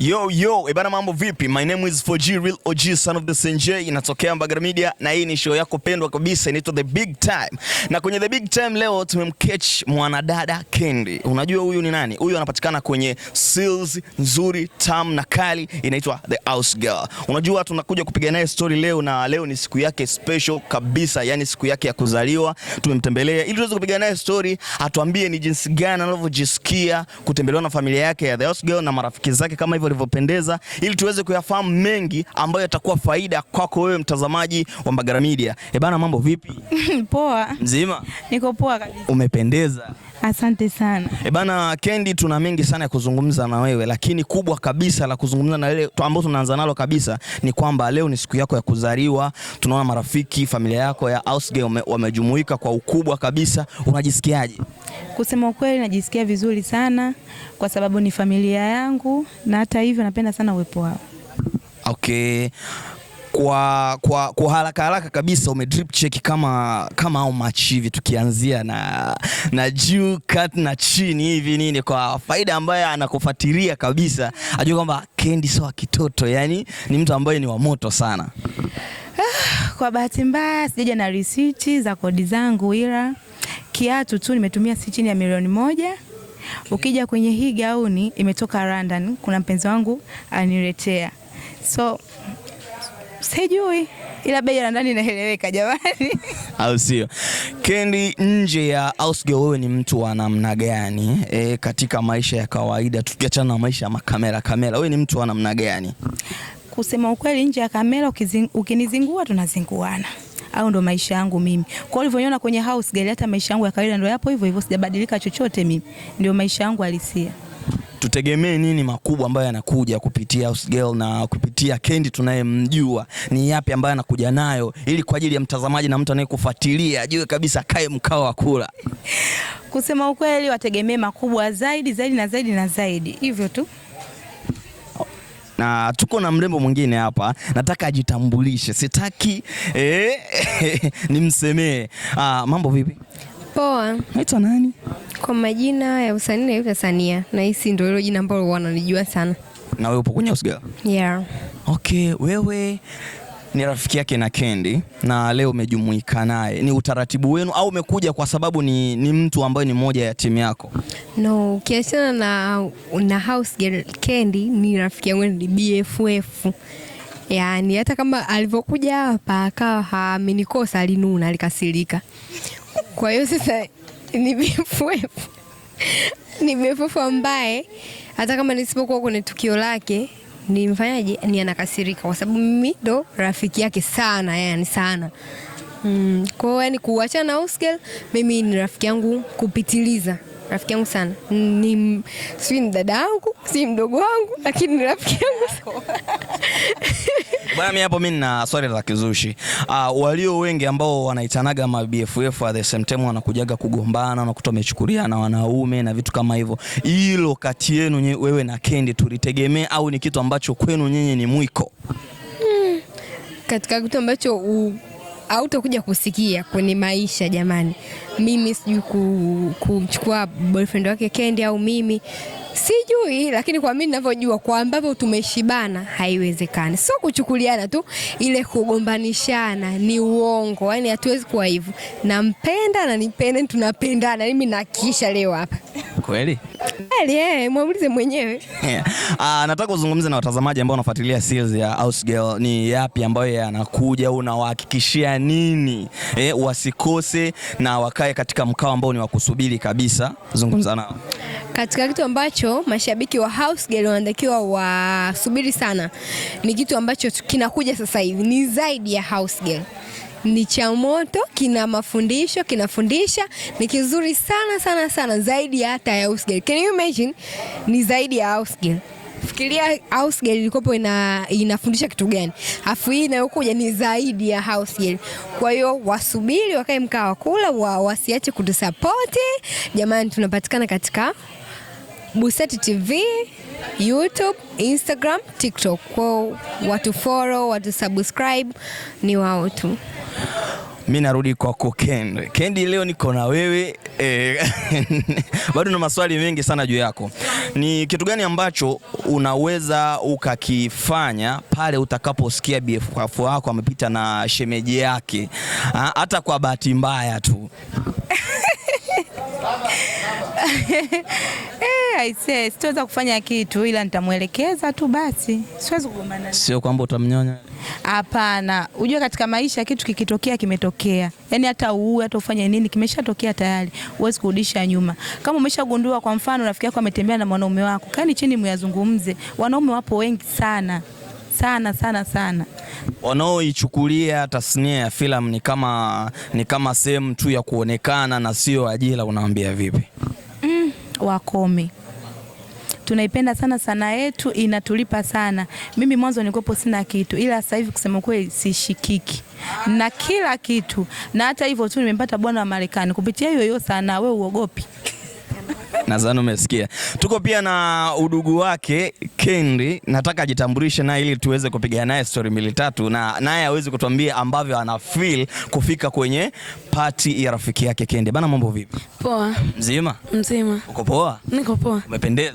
Yo yo, ebana eh, mambo vipi? My name is 4G Real OG son of the Senje, inatokea Mbagala Media na hii ni show yako pendwa kabisa inaitwa The Big Time. Na kwenye The Big Time leo tumemcatch mwanadada Kendi. Unajua huyu ni nani? Huyu anapatikana kwenye seals nzuri, tam na kali inaitwa The House Girl. Unajua tunakuja kupiga naye story leo na leo ni siku yake special kabisa, yani siku yake ya kuzaliwa. Tumemtembelea ili tuweze kupiga naye story, atuambie ni jinsi gani anavyojisikia kutembelewa na familia yake ya The House Girl na marafiki zake kama hivyo ilivyopendeza, ili tuweze kuyafahamu mengi ambayo yatakuwa faida kwako wewe mtazamaji wa Mbagala Media. Eh mambo vipi? Poa. Mzima? Niko poa kabisa. Umependeza. Asante sana. E bana Kendi, tuna mengi sana ya kuzungumza na wewe, lakini kubwa kabisa la kuzungumza na wewe ambao tunaanza nalo kabisa ni kwamba leo ni siku yako ya kuzaliwa. Tunaona marafiki, familia yako ya Ausgay wamejumuika kwa ukubwa kabisa, unajisikiaje? Kusema ukweli, najisikia vizuri sana kwa sababu ni familia yangu, na hata hivyo napenda sana uwepo wao. Okay kwa, kwa, kwa haraka haraka kabisa ume drip check kama kama au match hivi, tukianzia na na juu cut na chini hivi nini, kwa faida ambaye anakufuatilia kabisa ajue kwamba Kendi sio kitoto, yani ni mtu ambaye ni wa moto sana. Ah, kwa bahati mbaya sijaja na receipt za kodi zangu, ila kiatu tu nimetumia si chini ya milioni moja. Ukija kwenye hii gauni imetoka London, kuna mpenzi wangu aniletea so Sijui ila bei ya ndani inaeleweka jamani, au sio? Kendi, nje ya house girl, wewe ni mtu wa namna gani e, katika maisha ya kawaida tukiachana na maisha ya makamera kamera, wewe ni mtu wa namna gani? Kusema ukweli, nje ya kamera ukinizingua, tunazinguana au ndo maisha yangu mimi. Kwa ulivyoniona kwenye house girl, hata maisha yangu ya kawaida ndo yapo hivyo hivyo, sijabadilika chochote mimi, ndio maisha yangu halisia tutegemee nini makubwa ambayo yanakuja kupitia Housegirl na kupitia Kendi tunayemjua, ni yapi ambayo anakuja nayo, ili kwa ajili ya mtazamaji na mtu anayekufuatilia ajue kabisa kae mkao wa kula. Kusema ukweli, wategemee makubwa zaidi zaidi na zaidi na zaidi, hivyo tu na tuko na mrembo mwingine hapa, nataka ajitambulishe, sitaki eh, nimsemee. Ah, mambo vipi? Poa. Naitwa nani? Kwa majina ya usanii naitwa Sania, na hisi ndio hilo jina ambalo wananijua sana. Na wewe upo kwenye girl? Yeah. Okay, wewe ni rafiki yake na Kendi na leo umejumuika naye, ni utaratibu wenu au umekuja kwa sababu ni, ni mtu ambaye ni moja ya timu yako? No, ukiachana na, na house girl Kendi ni rafiki yangu, ni BFF yaani hata kama alivyokuja hapa akawa hamenikosa, alinuna, alikasirika kwa hiyo sasa ni BFF ni BFF ambaye hata kama nisipokuwa kwenye tukio lake nimfanyaje, ni anakasirika kwa sababu mimi ndo rafiki yake sana, yani sana mm. Kwa hiyo yani kuachana na Usgel, mimi ni rafiki yangu kupitiliza, rafiki yangu sana, ni si ni dada yangu si mdogo wangu, lakini ni rafiki yangu Bwana mimi hapo mimi na swali la kizushi. Uh, walio wengi ambao wanaitanaga ma BFF at the same time wanakujaga kugombana na mechukulia na wanaume na vitu kama hivyo. Hilo kati yenu wewe na Kendi tulitegemea au ni kitu ambacho kwenu nyinyi ni mwiko? Hmm. Katika kitu ambacho u hautakuja kusikia kwenye maisha jamani. Mimi sijui kumchukua boyfriend wake Kendi au mimi sijui, lakini kwa mimi ninavyojua, kwa ambavyo tumeshibana, haiwezekani. Sio kuchukuliana tu, ile kugombanishana ni uongo, yaani hatuwezi kuwa hivyo. Nampenda na nipende, tunapendana mimi na kisha leo hapa kweli? Kweli eh, muulize mwenyewe. Ah, nataka uzungumze na watazamaji ambao wanafuatilia series ya House Girl, ni yapi ambayo yanakuja, unawahakikishia nini eh, wasikose na wakae katika mkao ambao ni wakusubiri kabisa? Zungumza nao katika kitu ambacho mashabiki wa House Girl wanatakiwa wasubiri sana, ni kitu ambacho kinakuja sasa hivi, ni zaidi ya House Girl ni cha moto, kina mafundisho, kinafundisha, ni kizuri sana sana sana, zaidi hata ya Housegirl. Can you imagine? Ni zaidi ya Housegirl. Fikiria Housegirl ilikopo ina, inafundisha kitu gani, afu hii inayokuja ni zaidi ya Housegirl. Kwa hiyo wasubiri, wakae mkaa wa kula wa, wasiache kutusapoti jamani. Tunapatikana katika Busati TV, YouTube, Instagram, TikTok. Kwa watu follow, watu subscribe, ni wao tu. Mi narudi kwako Kendi. Kendi, leo niko na wewe e, bado na maswali mengi sana juu yako. Ni kitu gani ambacho unaweza ukakifanya pale utakaposikia BFF wako amepita na shemeji yake, hata kwa bahati mbaya tu? Eh, aisee, sitaweza kufanya kitu ila nitamwelekeza tu basi. Siwezi kugombana Sio kwamba utamnyonya. Hapana, unajua katika maisha kitu kikitokea kimetokea. Yaani hata uue hata ufanye nini kimeshatokea tayari. Huwezi kurudisha nyuma. Kama umeshagundua kwa mfano rafiki yako ametembea na mwanaume wako, kani chini myazungumze. Wanaume wapo wengi sana. Sana sana sana. Wanaoichukulia tasnia ya filamu ni kama ni kama sehemu tu ya kuonekana na sio ajira, unaambia vipi? wakome. Tunaipenda sana sanaa yetu, inatulipa sana. Mimi mwanzo nilikopo sina kitu, ila sasa hivi kusema kweli sishikiki na kila kitu, na hata hivyo tu nimepata bwana wa Marekani kupitia hiyo hiyo sanaa. Wewe uogopi? Nadhani umesikia. Tuko pia na udugu wake Kendi, nataka ajitambulishe naye ili tuweze kupiga naye story mbili tatu, na naye aweze kutuambia ambavyo ana feel kufika kwenye party ya rafiki yake Kendi. Bana, mambo vipi? Poa. Mzima? Mzima. Uko poa? Niko poa. Umependeza?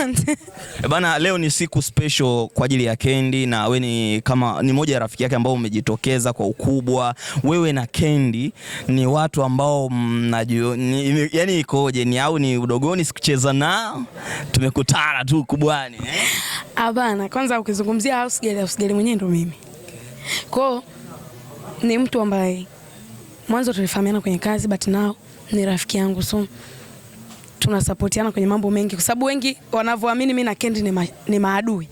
Asante. Eh, bana, leo ni siku special kwa ajili ya Kendi na wewe ni kama ni moja ya rafiki yake ambao umejitokeza kwa ukubwa. Wewe na Kendi ni watu ambao mnajua yani ikoje? Ni au ni udogoni sikucheza nao tumekutana tu kubwani eh? Abana, kwanza ukizungumzia house girl, house girl mwenyewe ndo mimi. Kwa ni mtu ambaye mwanzo tulifahamiana kwenye kazi but now ni rafiki yangu so tunasapotiana kwenye mambo mengi, kwa sababu wengi wanavyoamini mimi na Kendi ni, ma, ni maadui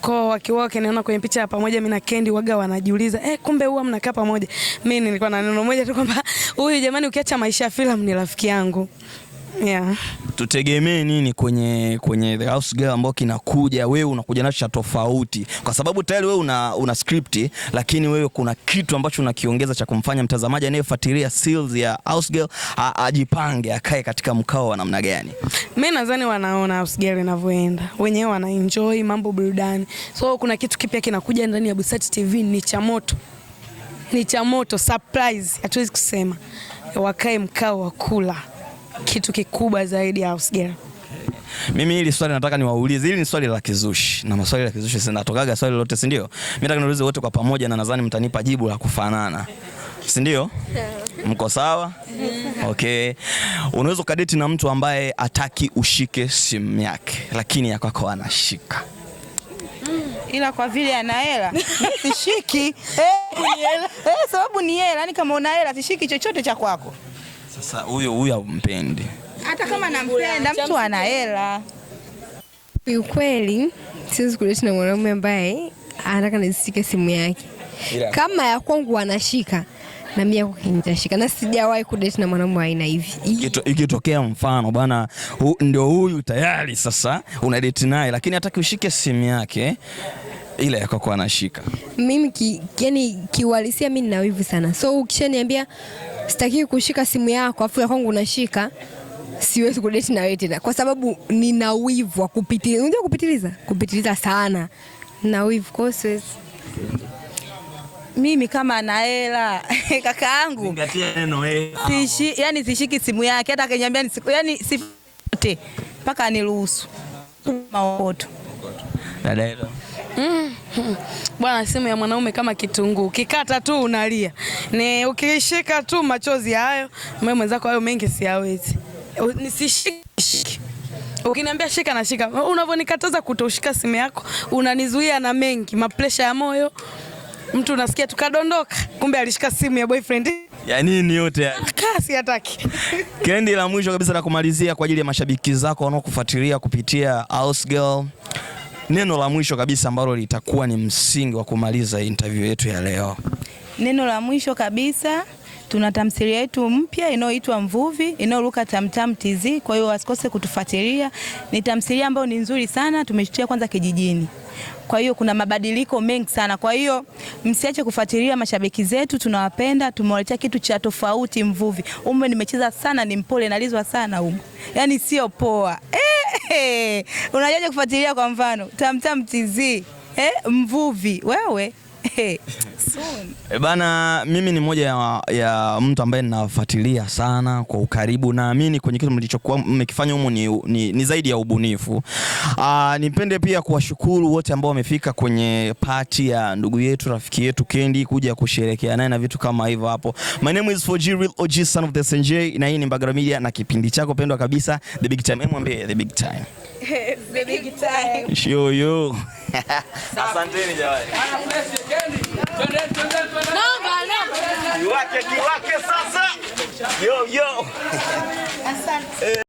kwa wakiwa wakiniona kwenye picha ya pamoja mimi na Kendi waga wanajiuliza eh, kumbe huwa mnakaa pamoja. Mimi nilikuwa na neno moja tu kwamba huyu jamani, ukiacha maisha ya filamu ni rafiki yangu yeah. Tutegemee nini kwenye kwenye The House Girl ambao kinakuja? Wewe unakuja nacho cha tofauti, kwa sababu tayari wewe una, una script, lakini wewe kuna kitu ambacho unakiongeza cha kumfanya mtazamaji anayefuatilia seals ya House Girl ajipange, akae katika mkao wa namna gani? Mimi nadhani wanaona House Girl inavyoenda wenyewe, wana enjoy mambo burudani, so kuna kitu kipya kinakuja ndani ya Busati TV, ni cha moto ni cha moto, surprise, hatuwezi kusema. Wakae mkao wa kula kitu kikubwa zaidi ya house girl. Mimi hili swali nataka niwaulize, hili ni swali la kizushi na maswali ya kizushi sinatokaga swali lolote, si ndio? Mimi nataka niulize wote kwa pamoja, na nadhani mtanipa jibu la kufanana, si ndio? Mko sawa? Mm-hmm. Okay, unaweza ukadeti na mtu ambaye ataki ushike simu yake, lakini ya kwako anashika mm. ila kwa vile ana hela sishiki, eh, eh, sababu ni hela. Yani kama una hela sishiki chochote cha kwako. Sasa huyo huyo ampendi, Hata kama nampenda mtu ana hela. Kiukweli siwezi kuishi na mwanaume ambaye anataka nishike simu yake. Kama ya kwangu anashika na mimi yako kinitashika na sijawahi kudate na mwanaume aina hivi. Ikitokea mfano bwana, ndio huyu tayari sasa una date naye, lakini hataki ushike simu yake ile ya kwako anashika. Mimi ki, yani kiwalisia mimi nina wivu sana, so ukishaniambia sitaki kushika simu yako afu ya kwangu unashika siwezi kudeti na wewe tena, kwa sababu nina wivu wa kupitiliza. Unajua kupitiliza, kupitiliza sana na wivu, kwa siwezi mimi kama ana hela kaka yangu sishi, yani sishiki simu yake hata akiniambia yani sifote mpaka aniruhusu maokoto dada hilo Mm. Bwana, simu ya mwanaume kama kitunguu, ukikata tu unalia, ni ukishika tu machozi hayo. Mimi mwenzako hayo mengi siyawezi, nisishike. Ukiniambia shika na shika, unavyonikataza kutoshika simu yako, unanizuia na mengi, mapresha ya moyo. Mtu unasikia tukadondoka, kumbe alishika simu ya boyfriend ya nini yote ya ah, kasi hataki. Kendi la mwisho kabisa la kumalizia kwa ajili ya mashabiki zako wanaokufuatilia kupitia House Girl neno la mwisho kabisa ambalo litakuwa ni msingi wa kumaliza interview yetu ya leo. Neno la mwisho kabisa Tuna tamthilia yetu mpya inayoitwa Mvuvi inayoruka Tamtam TZ, kwa hiyo wasikose kutufuatilia. Ni tamthilia ambayo ni nzuri sana, tumeshutia kwanza kijijini kwa hiyo kuna mabadiliko mengi sana. Kwa hiyo msiache kufuatilia mashabiki zetu, tunawapenda, tumewaletea kitu cha tofauti. Mvuvi ume nimecheza sana, ni mpole, nalizwa sana ume, yaani sio poa eh, eh. Unajaje kufuatilia kwa mfano Tamtam TZ eh, Mvuvi wewe E bana, mimi ni moja ya, ya mtu ambaye ninafuatilia sana kwa ukaribu. Naamini kwenye kitu mlichokuwa mmekifanya humo ni, ni, ni zaidi ya ubunifu. Aa, ah, nipende pia kuwashukuru wote ambao wamefika kwenye party ya ndugu yetu rafiki yetu Kendi kuja kusherehekea naye na vitu kama hivyo hapo. My name is 4G Real OG son of the SNJ, na hii ni Mbagala Media na kipindi chako pendwa kabisa The Big Time. Mwambie The Big Time. The Big Time. Yo yo. Asanteni jamani. Kiwake kiwake sasa. Yo yo. Asante. Eh.